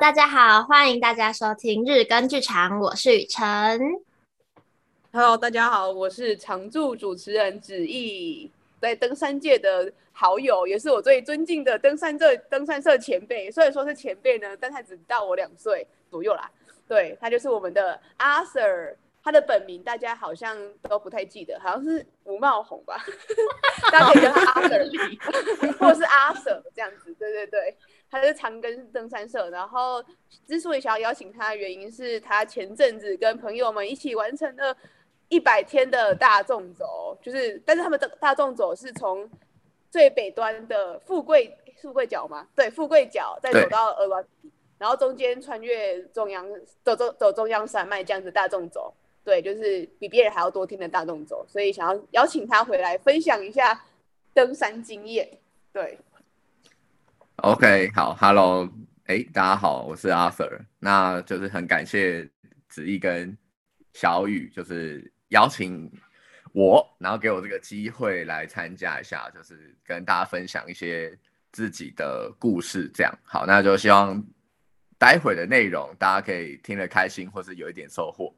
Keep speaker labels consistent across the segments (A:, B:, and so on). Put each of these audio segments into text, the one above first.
A: 大家好，歡迎大家收聽日更劇場，我是雨辰。Hello，大家好，我是常駐主持人子毅，在登山界的好友，也是我最尊敬的登山社登山社前輩。雖然說是前輩呢，但他只到我兩歲左右啦。對，他就是我們的 Arthur，他的本名大家好像都不太記得，好像是吳茂宏吧，大家可以叫他 Arthur，或是 Arthur 這樣子，對對對。他是長庚登山社，然後之所以想要邀請他的原因是他前陣子跟朋友們一起完成了一百天的大縱走，就是，但是他們的大縱走是從最北端的富貴富貴角嘛，對，富貴角再走到鵝對然後中間穿越中央走走走中央山脈這樣子的大縱走，對，就是比別人還要多天的大縱走，所以想要邀請他回來分享一下登山經驗，對。
B: OK，好，Hello，欸，大家好，我是 Arthur，那就是很感謝子毅跟小雨，就是邀請我，然後給我這個機會來參加一下，就是跟大家分享一些自己的故事，這樣，好，那就希望待會的內容大家可以聽得開心，或是有一點收穫。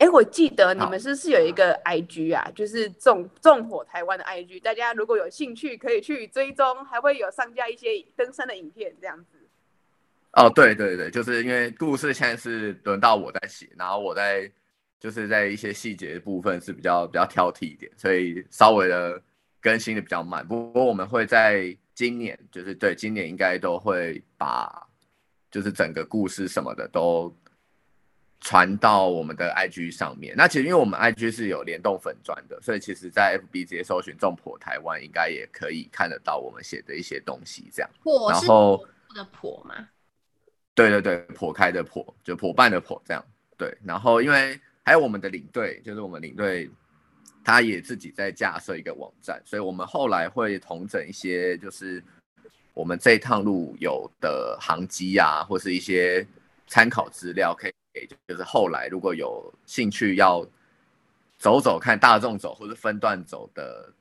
A: 哎，我記得你們是不是有一個 IG 啊？好就是綜綜剖台灣的 IG，大家如果有興趣可以去追蹤，還會有上架一些登山的影片這樣子。
B: 哦，對對對，就是因為故事現在是輪到我在寫，然後我在就是在一些細節的部分是比較比較挑剔一點，所以稍微的更新的比較慢。不過我們會在今年，就是對，今年應該都會把就是整個故事什麼的都。傳到我們的 IG 上面，那其實因為我們 IG 是有聯動粉專的，所以其實，在 FB 直接搜尋“綜剖台灣”應該也可以看得到我們寫的一些東西這樣。然後，
A: 剖剖的剖嘛，
B: 對對對，剖開的剖，就剖半的剖這樣。對，然後因為還有我們的領隊，就是我們領隊他也自己在架設一個網站，所以我們後來會統整一些就是我們這一趟路有的航機啊，或是一些參考資料可以。就就是後來如果有興趣要走走看大縱走或是分段走的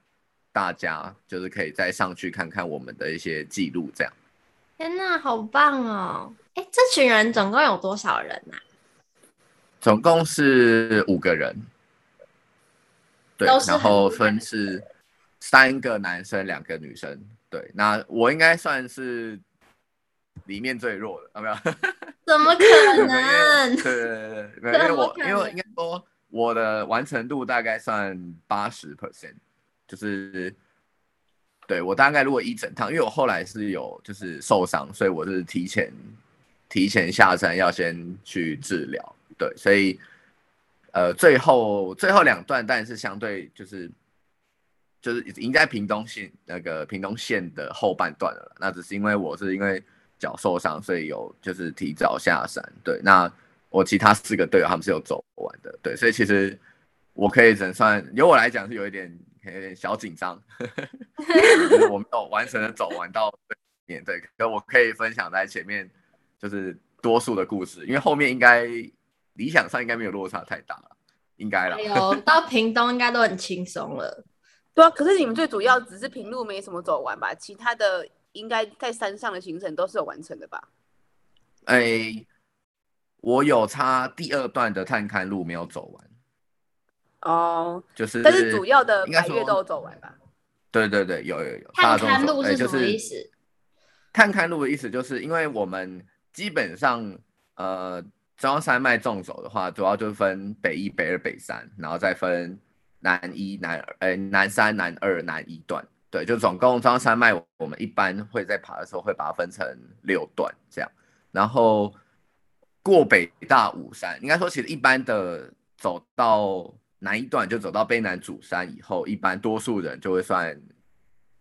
B: 大家，就是可以再上去看看我們的一些記錄，這樣。
A: 天哪，好棒哦！哎，這群人總共有多少人呢？
B: 總共是五個人。
A: 對，然後
B: 分是三個男生，兩個女生。對，那我應該算是。裡面最弱的。有、啊、沒有？
A: 怎麼可能？ 對，對對
B: 對對，因為我因為我應該說我的完成度大概算八十 percent，就是對我大概如果一整趟，因為我後來是有就是受傷，所以我是提前提前下山要先去治療，對，所以呃最後最後兩段，段，但是相對就是就是已經在屏東縣那個屏東縣的後半段了，那只是因為我是因為。腳受傷，所以有就是提早下山。對，那我其他四個隊友他們是有走完的。對，所以其實我可以只能算由我來講是有一點有一點小緊張， 我沒有完整的走完到這邊。對，可我可以分享在前面就是多數的故事，因為後面應該理想上應該沒有落差太大啦，應該了、哎呦。
A: 到屏東應該都很輕鬆了。 對啊，可是你們最主要只是平路沒什麼走完吧？其他的。應該在山上的行程都是有完成的吧？
B: 哎、欸，我有差第二段的探勘路沒有走完。
A: 哦，
B: 就是，但是主要的百岳都有走完吧？對對對，有有有。探勘路是什麼意思？欸就是、探勘路的意思就是，因為我們基本上呃中央山脈縱走的話，主要就是分北一、北二、北三，然後再分南一、南二、哎、欸、南三、南二、南一段。對，就總共中央山脈，我們一般會在爬的時候會把它分成六段這樣，然後過北大武山，應該說其實一般的走到南一段就走到卑南主山以後，一般多數人就會算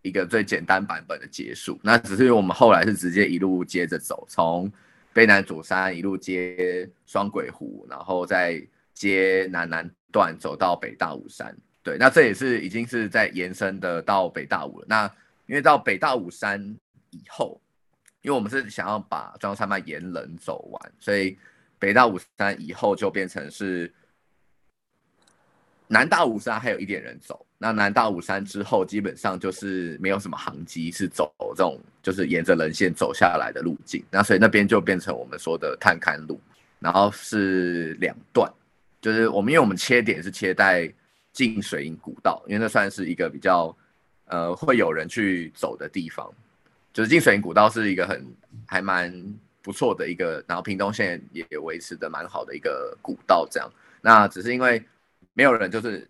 B: 一個最簡單版本的結束。那只是我們後來是直接一路接着走，從卑南主山一路接雙鬼湖，然後再接南南段走到北大武山。對，那這也是已經是在延伸的到北大五了。那因為到北大五三以後，因為我們是想要把壯山脈沿人走完，所以北大五三以後就變成是南大五三還有一點人走。那南大五三之後，基本上就是沒有什麼航機是走這種，就是沿着人線走下來的路徑。那所以那邊就變成我們說的探勘路，然後是兩段，就是我們因為我們切點是切在。浸水營古道，因為那算是一個比較，呃，會有人去走的地方，就是浸水營古道是一個很還蠻不錯的一個，然後屏東線也維持的蠻好的一個古道這樣，那只是因為沒有人，就是，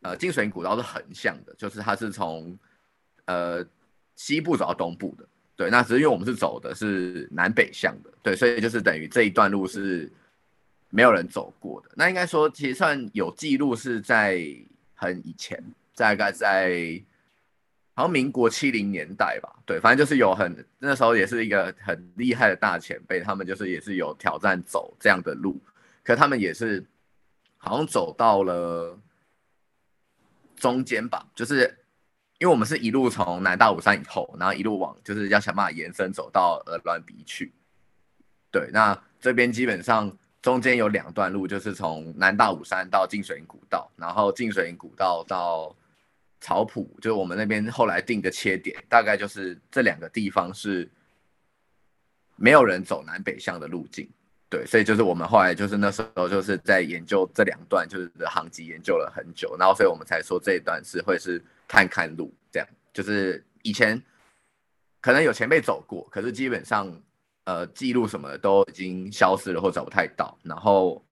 B: 呃，浸水營古道是橫向的，就是它是從呃西部走到東部的，對，那只是因為我們是走的是南北向的，對，所以就是等於這一段路是。沒有人走過的，那應該說其實算有記錄是在很以前，大概在，在好像民國七零年代吧。對，反正就是有很那時候也是一個很厲害的大前輩，他們就是也是有挑戰走這樣的路，可是他們也是好像走到了中間吧。就是因為我們是一路從南大五山南大武山以後，然後一路往就是要想辦法延伸走到呃巒鼻鵝鑾鼻去。對，那這邊基本上。中間有兩段路，就是從南大武山到浸水營古道，然後浸水營古道到草埔，就是我們那邊後來定的切點，大概就是這兩個地方是沒有人走南北向的路徑，對，所以就是我們後來就是那時候就是在研究這兩段，就是的航跡研究了很久，然後所以我們才說這一段是會是看看路這樣，就是以前可能有前輩走過，可是基本上。呃，記錄什麼的都已經消失了，或找不太到，然後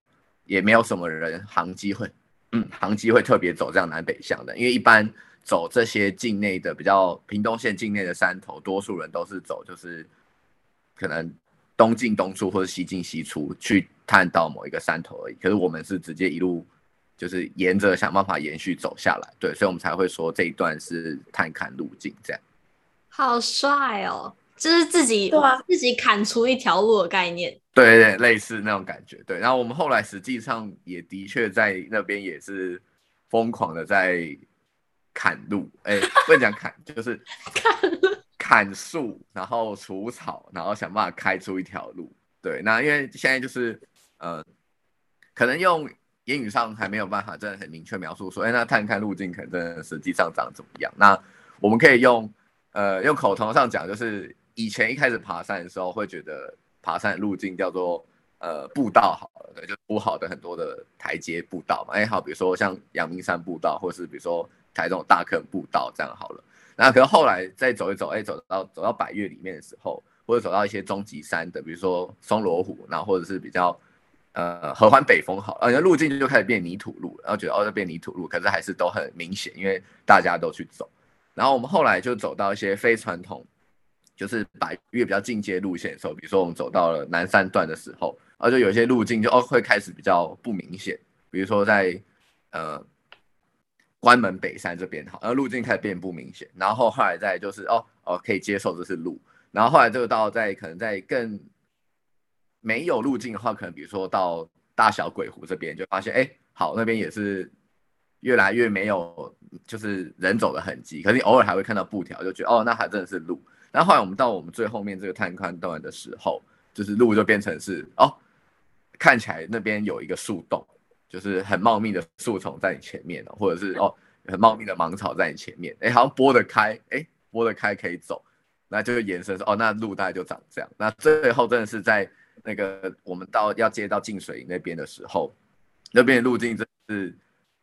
B: 也沒有什麼人航機會，嗯，航機會特別走這樣南北向的，因為一般走這些境內的比較屏東縣境內的山頭，多數人都是走就是可能東進東出或者西進西出去探到某一個山頭而已。可是我們是直接一路就是沿着想辦法延續走下來，對，所以我們才會說這一段是探勘路徑這樣。
A: 好帥哦！就是自己對啊，自己砍出一條路的概念，
B: 對，對對，類似那種感覺，對。然後我們後來實際上也的確在那邊也是瘋狂的在砍路，哎、欸，不能講砍， 就是砍砍樹了，然後除草，然後想辦法開出一條路。對，那因為現在就是呃，可能用言語上還沒有辦法真的很明確描述說，哎、欸，那探看路徑可能真的實際上長怎麼樣？那我們可以用呃，用口頭上講就是。以前一開始爬山的時候，會覺得爬山的路徑叫做呃步道好了，對，就鋪好的很多的台階步道嘛。哎，好，比如說像陽明山步道，或者是比如說台中大坑步道這樣好了。那可是後來再走一走，哎，走到走到百岳裡面的時候，或者走到一些中級山的，比如說松蘿湖，然後或者是比較呃合歡北峰好，呃，路徑就開始變成泥土路，然後覺得哦，變成泥土路，可是還是都很明顯，因為大家都去走。然後我們後來就走到一些非傳統。就是把越比較進階路線的時候，比如說我們走到了南三段的時候，而、啊、就有些路徑就哦會開始比較不明顯，比如說在呃關門北山這邊好，然、啊、路徑開始變不明顯，然後後來再就是哦哦可以接受這是路，然後後來就到在可能在更沒有路徑的話，可能比如說到大小鬼湖這邊就發現哎，好，那邊也是越來越沒有就是人走的痕跡，可是你偶爾還會看到布條，就覺得哦，那還真的是路。然後後來我們到我們最後面這個探勘段的時候，就是路就變成是哦，看起來那邊有一個樹洞，就是很茂密的樹叢在你前面，或者是哦很茂密的芒草在你前面，哎、欸，好像撥得開，哎、欸，撥得開可以走，那就延伸說哦，那路大概就長這樣。那最後真的是在那個我們到要接到浸水營那邊的時候，那邊的路徑真是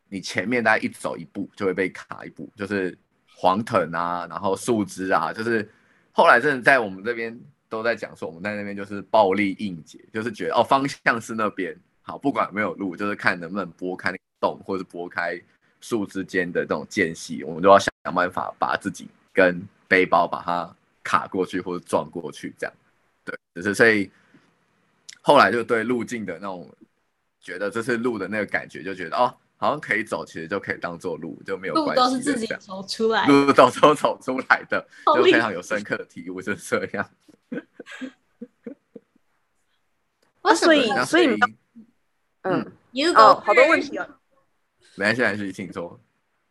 B: 你前面大概一走一步就會被卡一步，就是黃藤啊，然後樹枝啊，就是。後來真的在我們這邊都在講說，我們在那邊就是暴力硬解，就是覺得哦，方向是那邊好，不管有沒有路，就是看能不能撥開那個洞，或是撥開樹之間的這種間隙，我們都要想想辦法把自己跟背包把它卡過去或者撞過去這樣。對，只、就是所以後來就對路徑的那種覺得這是路的那個感覺，就覺得哦。好像可以走，其實就可以當做路，就沒有關係，路都是自己走出來，路都是走出來的， 就非常有深刻體悟，就是、這樣。
A: 我、 啊、所以所以嗯，你這個、哦、好多問
B: 題啊。沒關係，還是繼續請說。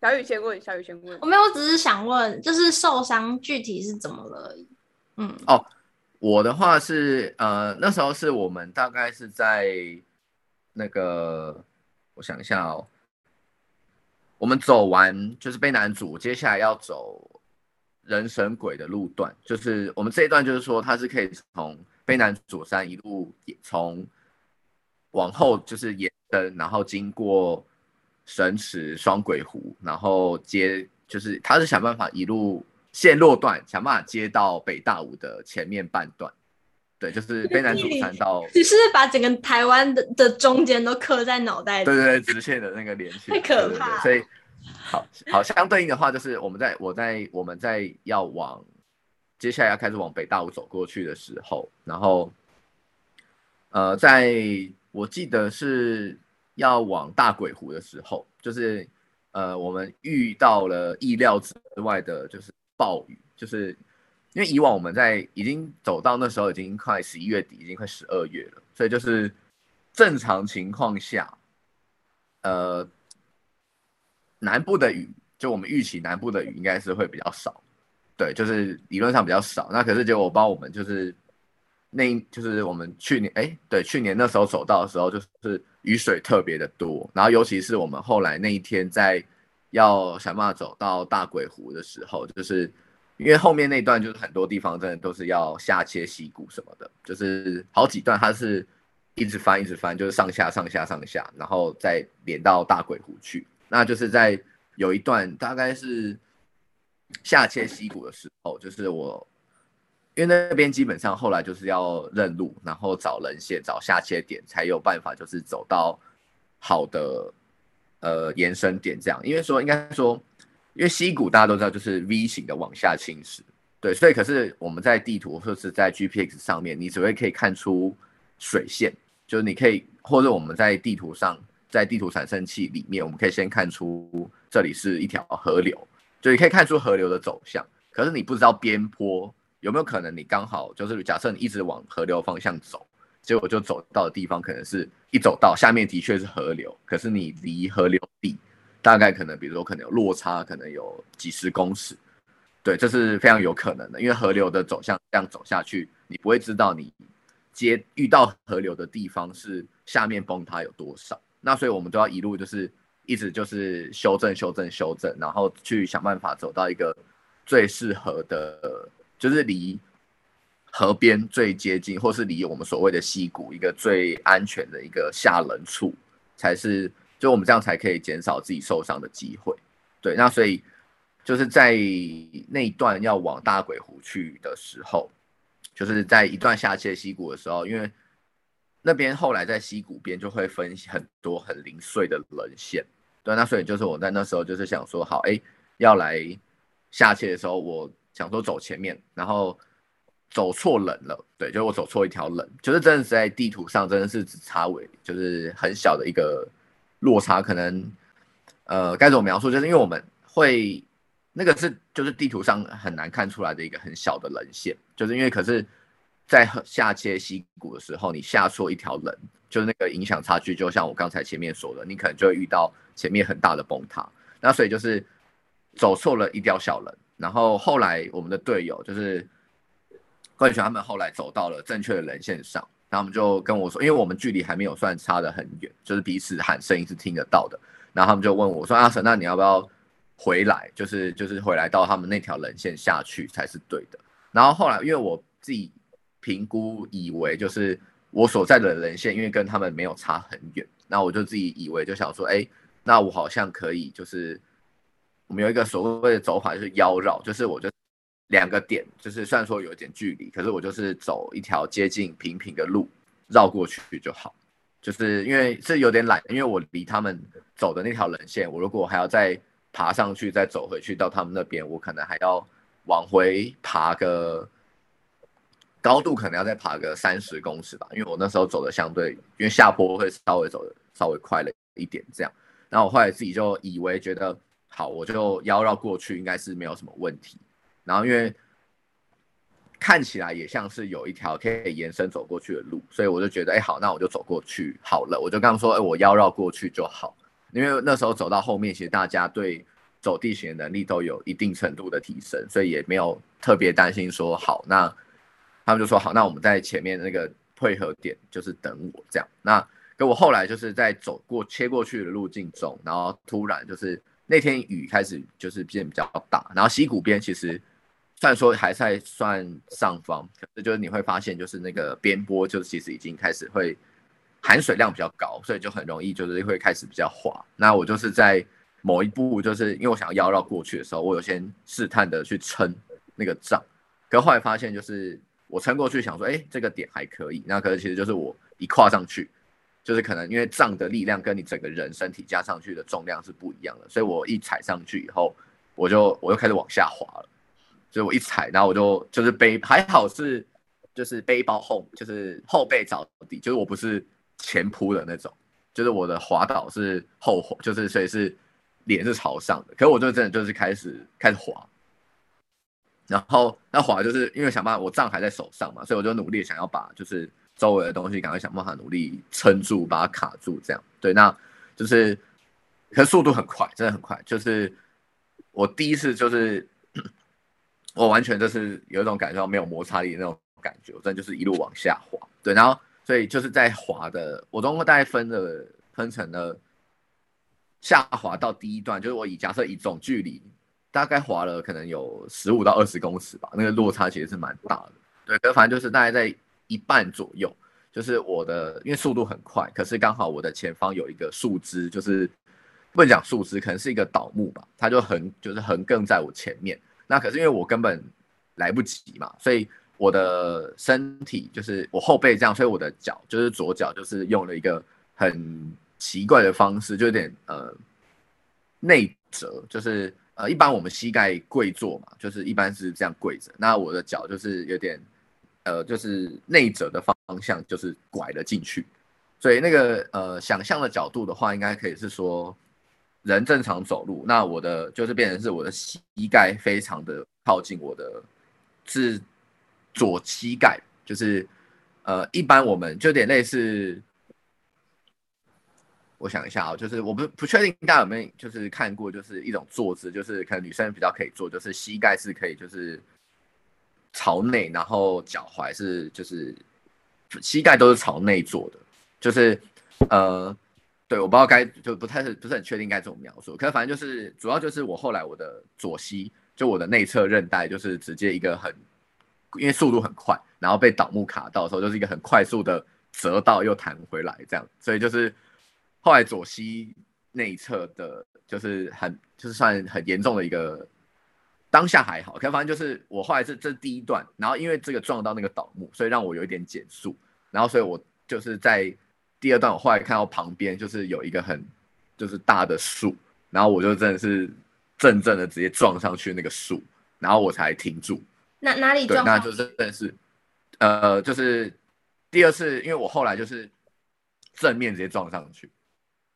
A: 小雨先問，小雨先問。我沒有，我只是想問，就是受傷具體是怎麼了
B: 而已。嗯哦，我的話是呃，那時候是我們大概是在那個，我想一下哦。我們走完就是卑南主，接下來要走人神鬼的路段，就是我們這一段就是說他是可以從卑南主山一路從往後就是延伸，然後經過神池雙鬼湖，然後接就是他是想辦法一路線路段想辦法接到北大武的前面半段。對，就是被男主看到，你是不
A: 是把整個台灣的的中間都刻在腦袋裡面？對對
B: 對，直線的那個連線，太可怕了對對對。所以，好好相對應的話，就是我們在我在，我，在我們在要往接下來要開始往北大武走過去的時候，然後，呃，在我記得是要往大鬼湖的時候，就是呃，我們遇到了意料之外的，就是暴雨，就是。因為以往我們在已經走到那時候，已經快十一月底，已經快十二月了，所以就是正常情況下，呃，南部的雨，就我們預期南部的雨應該是會比較少，對，就是理論上比較少。那可是結果，包括我們就是那一，就是我們去年，哎、欸，對，去年那時候走到的時候，就是雨水特別的多。然後尤其是我們後來那一天在要想辦法走到大鬼湖的時候，就是。因為後面那段就是很多地方真的都是要下切溪谷什麼的，就是好幾段，它是一直翻一直翻，就是上下上下上下，然後再連到大鬼湖去。那就是在有一段大概是下切溪谷的時候，就是我因為那邊基本上後來就是要認路，然後找人線，找下切點，才有辦法就是走到好的呃延伸點這樣。因為說應該說。因為溪谷大家都知道就是 V 型的往下侵蝕，對，所以可是我們在地圖或者是在 GPX 上面，你只會可以看出水線，就是你可以或者我們在地圖上，在地圖產生器裡面，我們可以先看出這裡是一條河流，就你可以看出河流的走向。可是你不知道邊坡有沒有可能，你剛好就是假設你一直往河流方向走，結果就走到的地方，可能是一走到下面的確是河流，可是你離河流地大概可能，比如說可能有落差，可能有幾十公尺，對，這是非常有可能的，因為河流的走向這樣走下去，你不會知道你接遇到河流的地方是下面崩塌有多少。那所以我們都要一路就是一直就是修正、修正、修正，然後去想辦法走到一個最適合的，就是離河邊最接近，或是離我們所謂的溪谷一個最安全的一個下人處，才是。就我們這樣才可以減少自己受傷的機會，對。那所以就是在那一段要往大鬼湖去的時候，就是在一段下切溪谷的時候，因為那邊後來在溪谷邊就會分很多很零碎的稜線，對。那所以就是我在那時候就是想說，好，哎、欸，要來下切的時候，我想說走前面，然後走錯稜了，對，就我走錯一條稜，就是真的是在地圖上真的是只差尾，就是很小的一個。落差可能，呃，該怎麼描述？就是因為我們會，那個是就是地圖上很難看出來的一個很小的稜線，就是因為可是，在下切溪谷的時候，你下錯一條稜，就是那個影響差距，就像我剛才前面說的，你可能就會遇到前面很大的崩塌。那所以就是走錯了一條小稜，然後後來我們的隊友就是冠雄他們後來走到了正確的稜線上。他們就跟我說，因為我們距離還沒有算差得很遠，就是彼此喊聲音是聽得到的。然後他們就問我,我說：“阿嬸，那你要不要回來？就是就是回來到他們那條稜線下去才是對的。”然後後來，因為我自己評估以為，就是我所在的稜線，因為跟他們沒有差很遠，那我就自己以為就想說：“哎，那我好像可以，就是我們有一個所謂的走法，就是腰繞，就是我就。”兩個點，就是雖然說有一點距離，可是我就是走一條接近平平的路繞過去就好。就是因為這有點懶，因為我離他們走的那條稜線，我如果還要再爬上去，再走回去到他們那邊，我可能還要往回爬個高度，可能要再爬個三十公尺吧。因為我那時候走的相對，因為下坡會稍微走的稍微快了一點這樣。然後我後來自己就以為覺得好，我就要繞過去，應該是沒有什麼問題。然後因為看起來也像是有一條可以延伸走過去的路，所以我就覺得，哎，好，那我就走過去好了。我就剛剛說，哎，我要繞過去就好。因為那時候走到後面，其實大家對走地形的能力都有一定程度的提升，所以也沒有特別擔心說。說好，那他們就說好，那我們在前面那個配合點就是等我這樣。那跟我後來就是在走過切過去的路徑中，然後突然就是那天雨開始就是變比較大，然後溪谷邊其實。雖然說還在算上方，可是就是你會發現，就是那個邊坡就其實已經開始會含水量比較高，所以就很容易就是會開始比較滑。那我就是在某一步，就是因為我想要繞繞過去的時候，我有先試探的去撐那個杖，可是後來發現就是我撐過去想說，哎、欸，這個點還可以。那可是其實就是我一跨上去，就是可能因為杖的力量跟你整個人身體加上去的重量是不一樣的，所以我一踩上去以後，我就我又開始往下滑了。所以，就我一踩，然後我就就是背，還好是就是背包後，就是後背着地，就是我不是前撲的那種，就是我的滑倒是後就是所以是臉是朝上的。可是我就真的就是開始開始滑，然後那滑就是因為想辦法，我杖還在手上嘛，所以我就努力想要把就是周圍的東西趕快想辦法努力撐住，把它卡住這樣。對，那就是可是速度很快，真的很快，就是我第一次就是。我完全就是有一種感覺到沒有摩擦力的那種感覺，我真的就是一路往下滑。對，然後所以就是在滑的，我總共大概分了分成了下滑到第一段，就是我以假設以總距離大概滑了可能有十五到二十公尺吧，那個落差其實是蠻大的。對，反正就是大概在一半左右，就是我的因為速度很快，可是剛好我的前方有一個樹枝，就是不能講樹枝，可能是一個倒木吧，它就橫就是橫亙在我前面。那可是因為我根本來不及嘛，所以我的身體就是我後背，這樣，所以我的腳就是左腳就是用了一個很奇怪的方式，就有點呃內折，就是呃一般我們膝蓋跪坐嘛，就是一般是這樣跪着，那我的腳就是有點呃就是內折的方向就是拐了進去，所以那個呃想象的角度的話，應該可以是說。人正常走路，那我的就是變成是我的膝蓋非常的靠近我的，是左膝蓋，就是呃，一般我們就有點類似，我想一下啊、哦，就是我不不確定大家有沒有就是看過，就是一種坐姿，就是可能女生比較可以坐，就是膝蓋是可以就是朝內，然後腳踝是就是膝蓋都是朝內坐的，就是呃。對，我不知道該就不太是不是很確定該怎麼描述，可反正就是主要就是我後來我的左膝就我的內側韌帶就是直接一個很，因為速度很快，然後被倒木卡到的時候就是一個很快速的折到又彈回來這樣，所以就是後來左膝內側的就是很就是算很嚴重的一個，當下還好，可反正就是我後來是這是第一段，然後因為這個撞到那個倒木，所以讓我有一點減速，然後所以我就是在。第二段我後來看到旁邊就是有一個很，就是大的樹，然後我就真的是，正正的直接撞上去那個樹，然後我才停住。
A: 那哪裡撞上去那就是
B: 真的是，呃，就是第二次，因為我後來就是正面直接撞上去，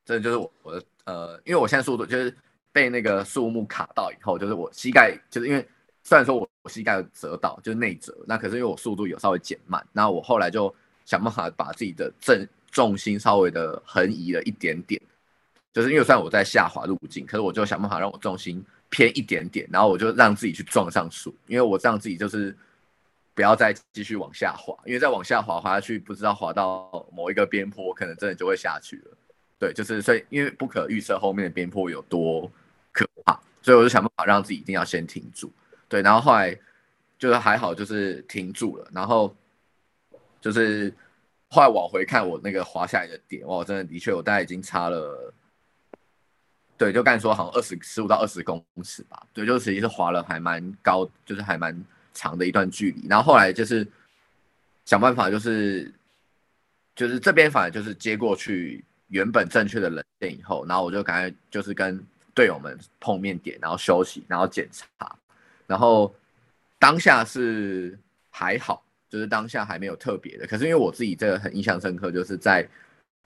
B: 這就是我我的呃，因為我現在速度就是被那個樹木卡到以後，就是我膝蓋就是因為雖然說我我膝蓋有折到就是內折，那可是因為我速度有稍微減慢，那我後來就想辦法把自己的正。重心稍微的橫移了一點點，就是因為算我在下滑路徑，可是我就想辦法讓我重心偏一點點，然後我就讓自己去撞上樹，因為我這樣自己就是不要再繼續往下滑，因為再往下滑滑下去，不知道滑到某一個邊坡，可能真的就會下去了。對，就是所以因為不可預測後面的邊坡有多可怕，所以我就想辦法讓自己一定要先停住。對，然後後來就是還好，就是停住了，然後就是。後來往回看，我那個滑下來的點，哇，真的的確，我大概已經差了，對，就剛才說，好像二十十五到二十公尺吧，對，就實際是滑了還蠻高，就是還蠻長的一段距離。然後後來就是想辦法、就是，就是就是這邊反正就是接過去原本正確的稜線以後，然後我就趕快就是跟隊友們碰面點，然後休息，然後檢查，然後當下是還好。就是當下還沒有特別的，可是因為我自己這個很印象深刻，就是在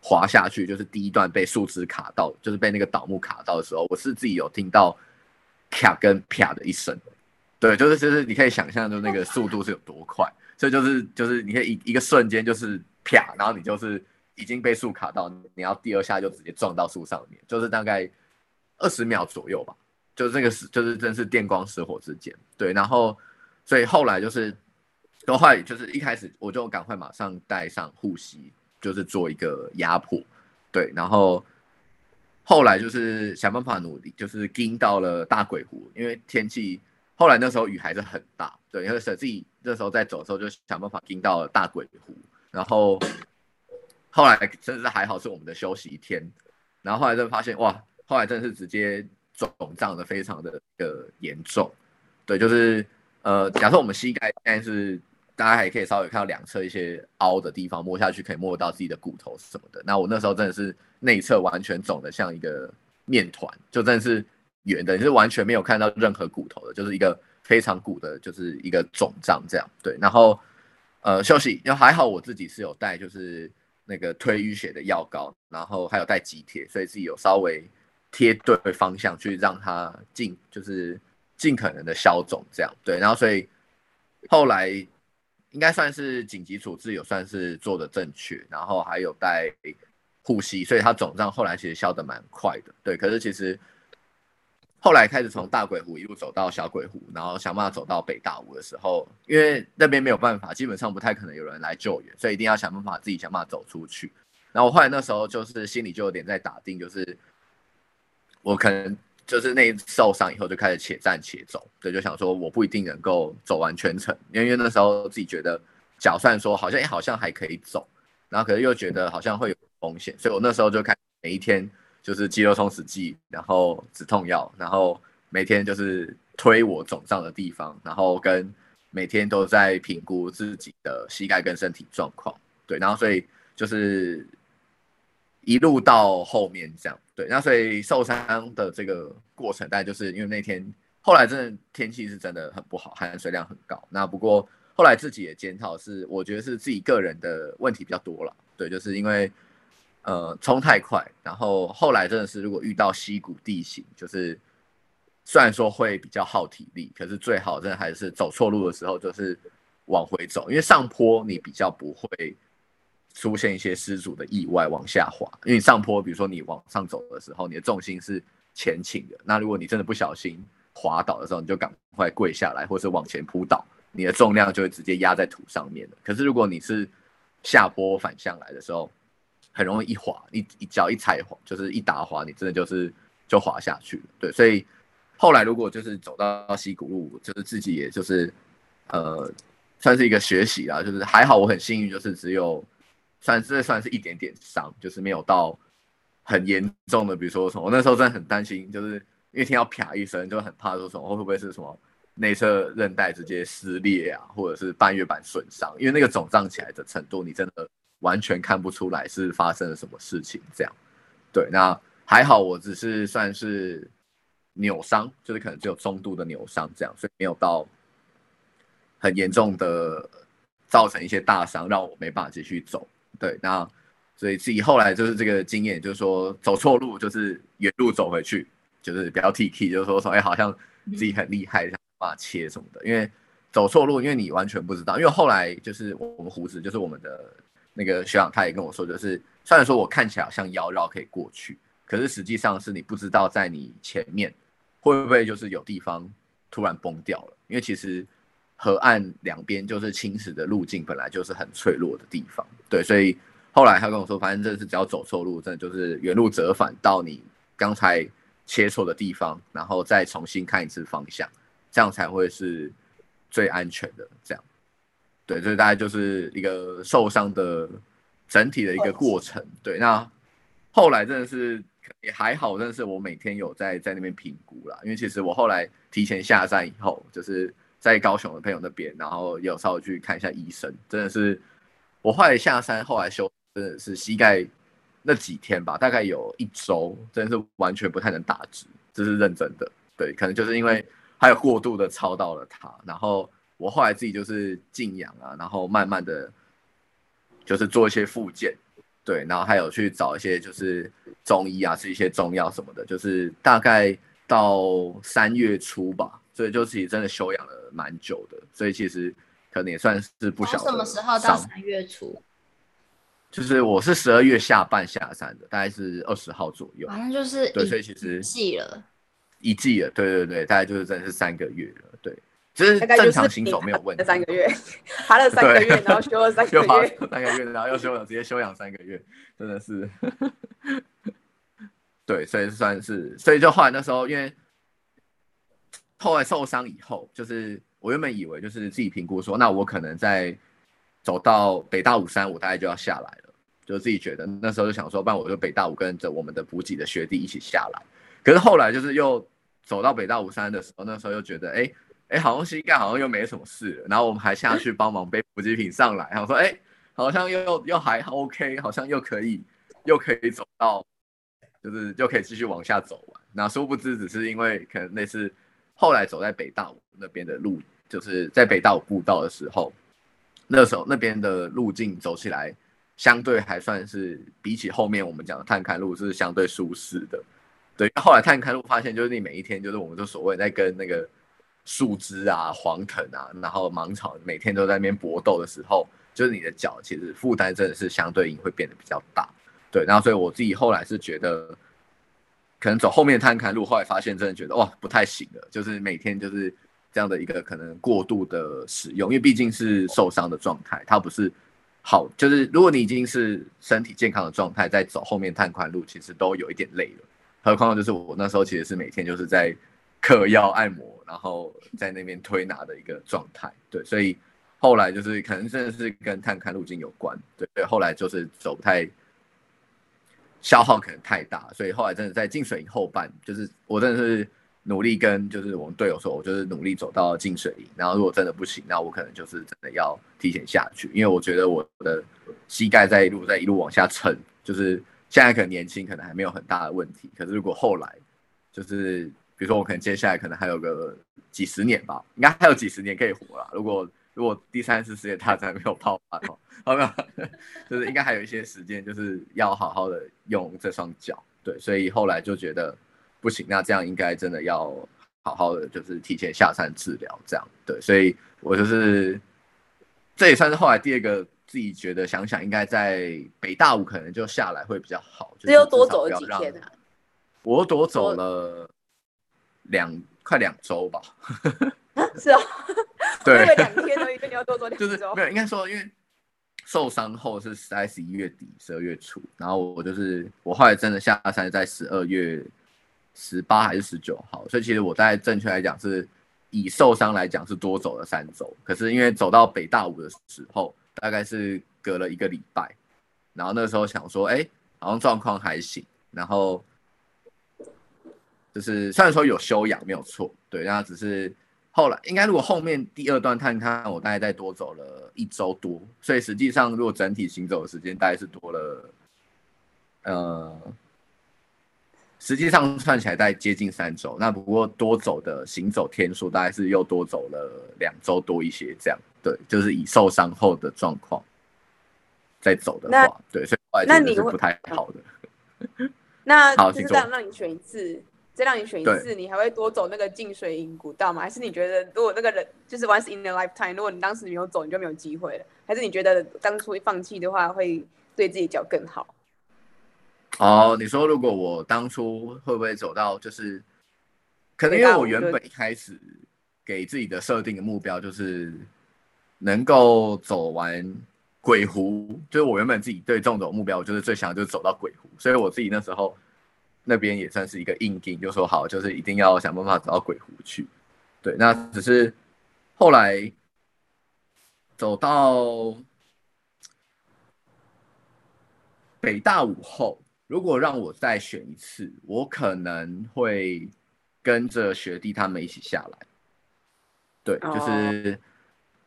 B: 滑下去，就是第一段被樹枝卡到，就是被那個倒木卡到的時候，我是自己有聽到“卡”跟“啪”的一聲，對，就是就是你可以想象，就那個速度是有多快，所以就是就是你可以一一個瞬間就是“啪”，然後你就是已經被樹卡到，你要第二下就直接撞到樹上面，就是大概二十秒左右吧，就是這個是就是真是電光石火之間，對，然後所以後來就是。的話就是一開始我就趕快馬上戴上護膝，就是做一個壓迫，對，然後後來就是想辦法努力，就是 g 到了大鬼湖，因為天氣後來那時候雨還是很大，對，因為後所以那時候在走的時候就想辦法 g 到了大鬼湖，然後後來甚至還好是我們的休息一天，然後後來就發現哇，後來真的是直接腫脹的非常的的嚴重，對，就是呃假設我們膝蓋現在是。大家還可以稍微看到兩側一些凹的地方，摸下去可以摸得到自己的骨頭什麼的。那我那時候真的是內側完全腫的像一個面糰，就真的是圓的，你是完全沒有看到任何骨頭的，就是一個非常鼓的，就是一個腫脹這樣。對，然後呃休息，要還好我自己是有帶就是那個推淤血的藥膏，然後還有帶肌貼，所以自己有稍微貼對方向去讓它儘就是儘可能的消腫這樣。對，然後所以後來。應該算是緊急處置，有算是做得正確，然後還有戴護膝，所以他腫脹後來其實消得蠻快的。對，可是其實後來開始從大鬼湖一路走到小鬼湖，然後想辦法走到北大武的時候，因為那邊沒有辦法，基本上不太可能有人來救援，所以一定要想辦法自己想辦法走出去。然後我後來那時候就是心裡就有點在打定，就是我可能。就是那一受傷以後就開始且戰且走，對，就想說我不一定能夠走完全程，因為那時候自己覺得腳算說好像也、欸、好像還可以走，然後可是又覺得好像會有風險，所以我那時候就開始每一天就是肌肉鬆弛劑，然後止痛藥，然後每天就是推我腫脹的地方，然後跟每天都在評估自己的膝蓋跟身體狀況，對，然後所以就是。一路到後面這樣，對，那所以受傷的這個過程，大概就是因為那天後來真的天氣是真的很不好，含水量很高。那不過後來自己也檢討，是我覺得是自己個人的問題比較多了。對，就是因為呃衝太快，然後後來真的是如果遇到溪谷地形，就是雖然說會比較耗體力，可是最好真的還是走錯路的時候就是往回走，因為上坡你比較不會，出現一些失足的意外往下滑，因為你上坡，比如說你往上走的時候，你的重心是前傾的。那如果你真的不小心滑倒的時候，你就趕快跪下來，或是往前撲倒，你的重量就會直接壓在土上面了。可是如果你是下坡反向來的時候，很容易一滑，你一一腳一踩滑，就是一打滑，你真的就是就滑下去了。對，所以後來如果就是走到溪谷路，就是自己也就是呃，算是一個學習啦，就是還好我很幸運，就是只有。算這算是一點點傷，就是沒有到很嚴重的。比如說，從我那時候真的很擔心，就是因為聽到啪一聲，就很怕說什麼，會會不會是什麼，內側韌帶直接撕裂啊，或者是半月板損傷，因為那個腫脹起來的程度，你真的完全看不出來是發生了什麼事情這樣。對，那還好，我只是算是扭傷，就是可能只有中度的扭傷這樣，所以沒有到很嚴重的造成一些大傷，讓我沒辦法繼續走。對，那所以自己後來就是這個經驗，就是說走錯路就是原路走回去，就是比較體氣，key, 就是說說哎，好像自己很厲害，然樣，把切什麼的。因為走錯路，因為你完全不知道。因為後來就是我們鬍子，就是我們的那個學長，他也跟我說，就是雖然說我看起來好像腰繞可以過去，可是實際上是你不知道在你前面會不會就是有地方突然崩掉了。因為其實。河岸兩邊就是侵蝕的路徑，本來就是很脆弱的地方，對，所以後來他跟我說，反正這是只要走錯路，真的就是原路折返到你剛才切錯的地方，然後再重新看一次方向，這樣才會是最安全的。這樣，對，所以大概就是一個受傷的整體的一個過程，哦、對。那後來真的是也還好，真的是我每天有在在那邊評估啦，因為其實我後來提前下山以後，就是。在高雄的朋友那邊，然後有稍微去看一下醫生，真的是我後來下山，後來修，真的是膝蓋那幾天吧，大概有一周，真的是完全不太能打直，這是認真的。對，可能就是因為還有過度的操到了它，然後我後來自己就是靜養啊，然後慢慢的就是做一些復健，對，然後還有去找一些就是中醫啊，吃一些中藥什麼的，就是大概到三月初吧。所以就自己真的休養了蠻久的，所以其實可能也算是不曉得什麼時
A: 候到
B: 三月初，就是我是十二月下半下山的，大概是二十號左右，反正
A: 就是對，所以其實一季了，
B: 一季了，對，對對對，大概就是真的是三個月了，對，
A: 其實就是正常行走沒有問題，三個月爬了三個月，然後休
B: 了三個月，三個月然後又休，直接休養三個月，真的是， 對，所以算是，所以就後來那時候因為。後來受傷以後，就是我原本以為就是自己評估說，那我可能在走到北大武山，我大概就要下來了，就是自己覺得那時候就想說，不然我就北大武跟着我們的補給的學弟一起下來。可是後來就是又走到北大武山的時候，那時候又覺得，哎哎，好像膝蓋好像又沒什麼事了，然後我們還下去幫忙背補給品上來，然後說，哎，好像又又還 OK，好像又可以又可以走到，就是又可以繼續往下走。那殊不知只是因為可能那次，後來走在北大武那邊的路，就是在北大武步道的時候，那時候那邊的路徑走起來，相對還算是比起後面我們講的探勘路是相對舒適的。對，後來探勘路發現，就是你每一天，就是我們就所謂在跟那個樹枝啊、黃藤啊，然後芒草每天都在那邊搏鬥的時候，就是你的腳其實負擔真的是相對應會變得比較大。對，然後所以我自己後來是覺得。可能走後面探勘路，後來發現真的覺得哇不太行了，就是每天就是這樣的一個可能過度的使用，因為畢竟是受傷的狀態，它不是好。就是如果你已經是身體健康的狀態，在走後面探勘路，其實都有一點累了。何況就是我那時候其實是每天就是在嗑藥、按摩，然後在那邊推拿的一個狀態。對，所以後來就是可能真的是跟探勘路徑有關。對，後來就是走不太。消耗可能太大，所以後來真的在進水以後半，就是我真的是努力跟就是我們隊友說，我就是努力走到進水營，然後如果真的不行，那我可能就是真的要提前下去，因為我覺得我的膝蓋在一路在一路往下沉，就是現在可能年輕，可能還沒有很大的問題，可是如果後來，就是比如說我可能接下來可能還有個幾十年吧，應該還有幾十年可以活了，如果。如果第三次世界大戰沒有爆發，好不好，就是應該還有一些時間，就是要好好的用這雙腳。對，所以後來就覺得不行，那這樣應該真的要好好的，就是提前下山治療這樣。對，所以我就是，這也算是後來第二個自己覺得想想，應該在北大武可能就下來會比較好。
A: 這又多走了幾天啊？
B: 我多走了兩，多 快兩週吧。 是哦，對，兩天而已但你要多走點，對 就是沒有，應該說，因為受傷後是在十一月底、十二月初，然後我就是我後來真的下山在十二月十八還是十九號，所以其實我在正確來講是以受傷來講是多走了三周，可是因為走到北大武的時候，大概是隔了一個禮拜，然後那個時候想說，哎、欸，好像狀況還行，然後就是雖然說有休養沒有錯，對，但他只是。後來，應該如果後面第二段探勘，我大概再多走了一周多，所以實際上如果整體行走的時間，大概是多了，呃，實際上算起來大概接近三周。那不過多走的行走天數，大概是又多走了兩周多一些。這樣，對，就是以受傷後的狀況再走的話，那對，所以後來真是不太好的。
A: 那、啊、那 好，這次讓你選一次。再讓你選一次，對你還會多走那個浸水營古道嗎？還是你覺得如果那個人就是 once in a lifetime，如果你當時沒有走，你就沒有機會了？還是你覺得當初一放棄的話，會對自己腳更好？
B: 哦、呃，你說如果我當初會不會走到，就是
A: 可能因為我原本
B: 一開始給自己的設定的目標就是能夠走完鬼湖，就是我原本自己最重要的目標，我就是最想的就是走到鬼湖，所以我自己那時候。那邊也算是一個硬釘，就說好，就是一定要想辦法找到鬼湖去。對，那只是後來走到北大武後，如果讓我再選一次，我可能會跟着學弟他們一起下來。對，就是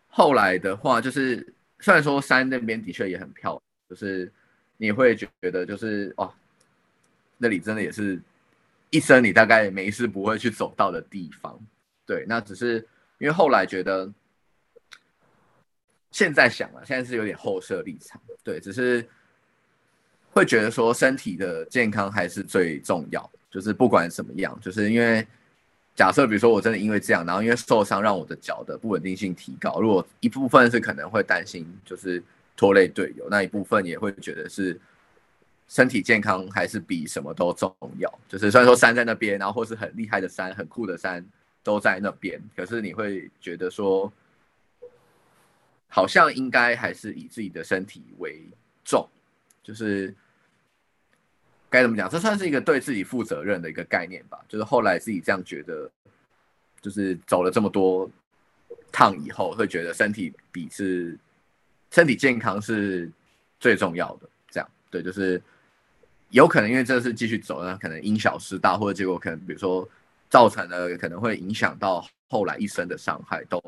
B: 後來的話，就是雖然說山那邊的確也很漂亮，就是你會覺得就是哦。那裡真的也是，一生你大概沒事不會去走到的地方。對，那只是因為後來覺得，現在想了啊，現在是有點後設立場。對，只是會覺得說身體的健康還是最重要。就是不管怎麼樣，就是因為假設，比如說我真的因為這樣，然後因為受傷讓我的腳的不穩定性提高，如果一部分是可能會擔心，就是拖累隊友，那一部分也會覺得是。身體健康還是比什麼都重要。就是雖然說山在那邊，然後或是很厲害的山，很酷的山都在那邊，可是你會覺得說，好像應該還是以自己的身體為重。就是該怎麼講，這算是一個對自己負責任的一個概念吧。就是後來自己這樣覺得，就是走了這麼多趟以後，會覺得身體比是身體健康是最重要的。這樣對，就是。有可能因為這是繼續走，呢，可能因小失大，或者結果可能比如說造成了，可能會影響到後來一生的傷害，都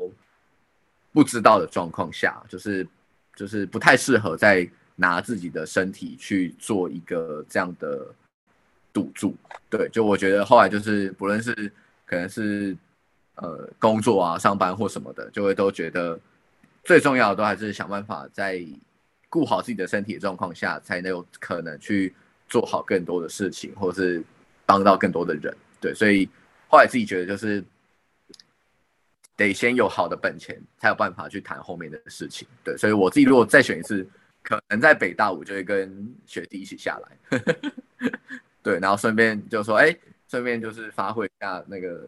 B: 不知道的狀況下，就是就是不太適合再拿自己的身體去做一個這樣的賭注。對，就我覺得後來就是不論是可能是呃工作啊上班或什麼的，就會都覺得最重要的都還是想辦法在顧好自己的身體的狀況下，才能有可能去。做好更多的事情，或者是幫到更多的人，對，所以後來自己覺得就是得先有好的本錢，才有辦法去談後面的事情，對，所以我自己如果再選一次，可能在北大我就會跟學弟一起下來，呵呵，對，然後順便就說，哎、欸，順便就是發揮一下那個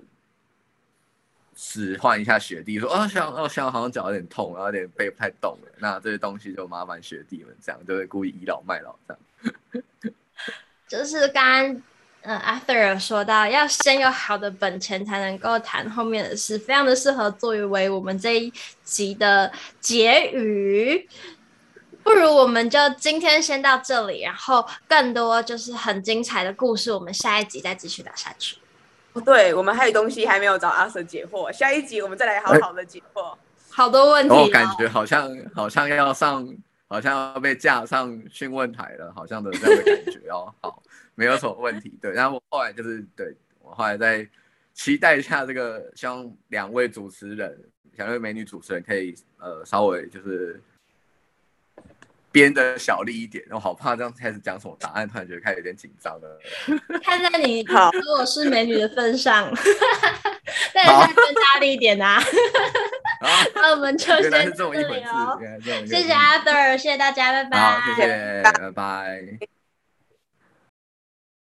B: 使喚一下學弟，說，哦，想哦想，好像腳有點痛，然後有點背不太動了，那這些東西就麻煩學弟們，這樣就會故意倚老賣老這樣。呵呵
A: 就是剛嗯，阿、呃、Arthur 說到要先有好的本錢，才能夠談後面的事，非常的適合作為我們這一集的結語。不如我們就今天先到這裡，然後更多就是很精彩的故事，我們下一集再繼續聊下去。不對，我們還有東西還沒有找 Arthur 解惑，下一集我們再來好好的解惑，欸、好多問題、哦。我、哦、感
B: 覺好像好像要上。好像要被架上訊問台了，好像的這樣的感覺哦。 好，沒有什麼問題。對，然後我後來就是，對我後來再期待一下這個，希望兩位主持人，兩位美女主持人可以呃稍微就是編得小力一點。我好怕這樣開始講什麼答案，突然覺得開始有點緊張了。
A: 看在你好如果是美女的份上，再 加大力一點啊！好 那我們就先到這，謝謝 Arthur，謝謝大家， 拜拜。好，
B: 謝謝， 拜拜。